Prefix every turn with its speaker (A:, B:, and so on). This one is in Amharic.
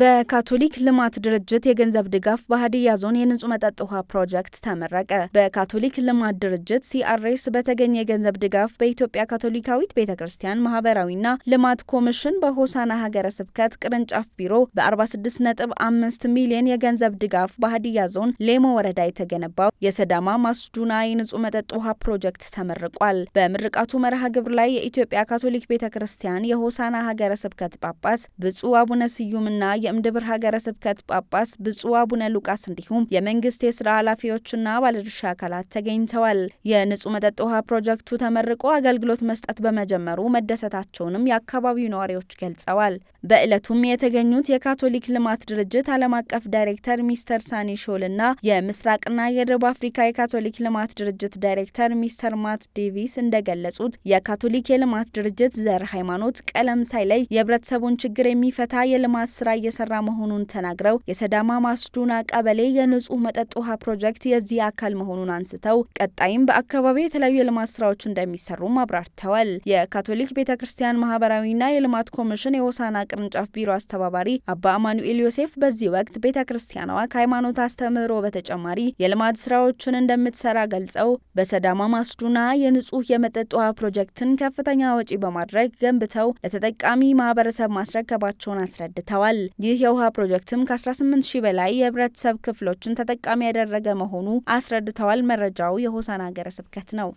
A: በካቶሊክ ልማት ድርጅት የገንዘብ ድጋፍ በሀዲያ ዞን የንጹህ መጠጥ ውሃ ፕሮጀክት ተመረቀ። በካቶሊክ ልማት ድርጅት ሲአርኤስ በተገኘ የገንዘብ ድጋፍ በኢትዮጵያ ካቶሊካዊት ቤተ ክርስቲያን ማህበራዊና ልማት ኮሚሽን በሆሳና ሀገረ ስብከት ቅርንጫፍ ቢሮ በ46.5 ሚሊዮን የገንዘብ ድጋፍ በሀዲያ ዞን ሌሞ ወረዳ የተገነባው የሰዳማ ማስዱና የንጹህ መጠጥ ውሃ ፕሮጀክት ተመርቋል። በምርቃቱ መርሃ ግብር ላይ የኢትዮጵያ ካቶሊክ ቤተ ክርስቲያን የሆሳና ሀገረ ስብከት ጳጳስ ብፁዕ አቡነ ስዩምና የእምድብር ሀገረ ስብከት ጳጳስ ብፁዕ አቡነ ሉቃስ እንዲሁም የመንግስት የስራ ኃላፊዎችና ባለድርሻ አካላት ተገኝተዋል። የንጹህ መጠጥ ውሃ ፕሮጀክቱ ተመርቆ አገልግሎት መስጠት በመጀመሩ መደሰታቸውንም የአካባቢው ነዋሪዎች ገልጸዋል። በዕለቱም የተገኙት የካቶሊክ ልማት ድርጅት ዓለም አቀፍ ዳይሬክተር ሚስተር ሳኒ ሾል የምስራቅና የደቡብ አፍሪካ የካቶሊክ ልማት ድርጅት ዳይሬክተር ሚስተር ማት ዴቪስ እንደገለጹት የካቶሊክ የልማት ድርጅት ዘር፣ ሃይማኖት፣ ቀለም ሳይለይ የህብረተሰቡን ችግር የሚፈታ የልማት ስራ እየሰራ መሆኑን ተናግረው የሰዳማ ማስዱና ቀበሌ የንጹህ መጠጥ ውሃ ፕሮጀክት የዚህ አካል መሆኑን አንስተው ቀጣይም በአካባቢው የተለያዩ የልማት ስራዎች እንደሚሰሩም አብራርተዋል። የካቶሊክ ቤተ ክርስቲያን ማህበራዊና የልማት ኮሚሽን የሆሳና ቅርንጫፍ ቢሮ አስተባባሪ አባ አማኑኤል ዮሴፍ በዚህ ወቅት ቤተ ክርስቲያኗ ከሃይማኖት አስተምህሮ በተጨማሪ የልማት ስራዎችን እንደምትሰራ ገልጸው በሰዳማ ማስዱና የንጹህ የመጠጥ ውሃ ፕሮጀክትን ከፍተኛ ወጪ በማድረግ ገንብተው ለተጠቃሚ ማህበረሰብ ማስረከባቸውን አስረድተዋል። ይህ የውሃ ፕሮጀክትም ከ18 ሺህ በላይ የህብረተሰብ ክፍሎችን ተጠቃሚ ያደረገ መሆኑ አስረድተዋል። መረጃው የሆሳና ሀገረ ስብከት ነው።